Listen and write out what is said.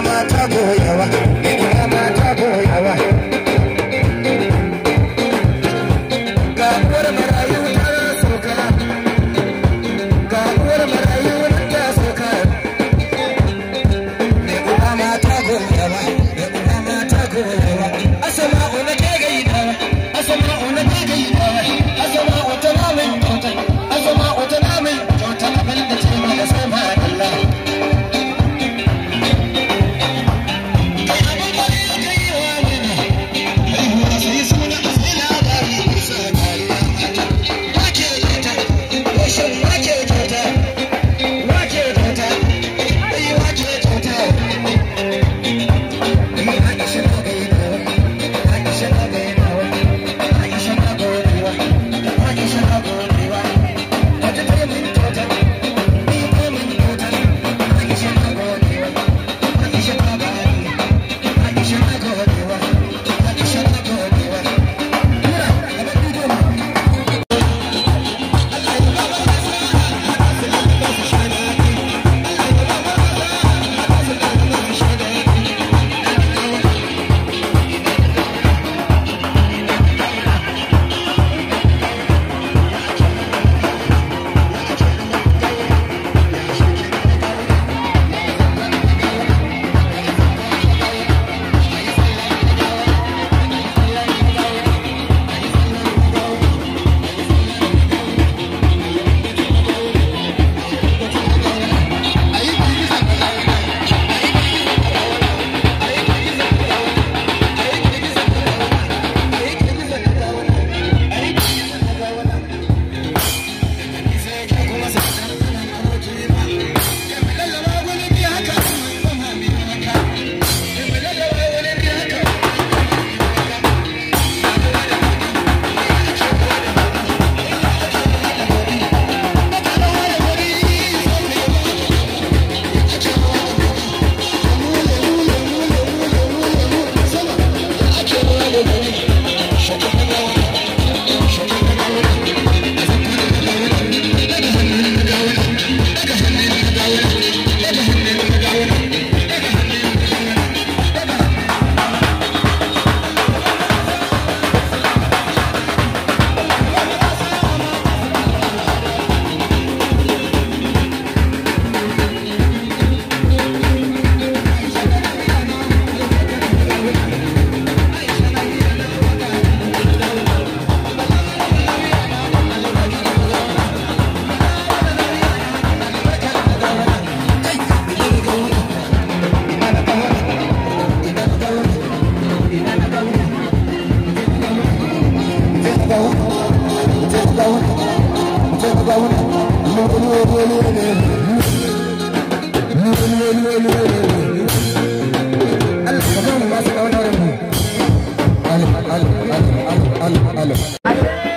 kamata ko yawa Hello.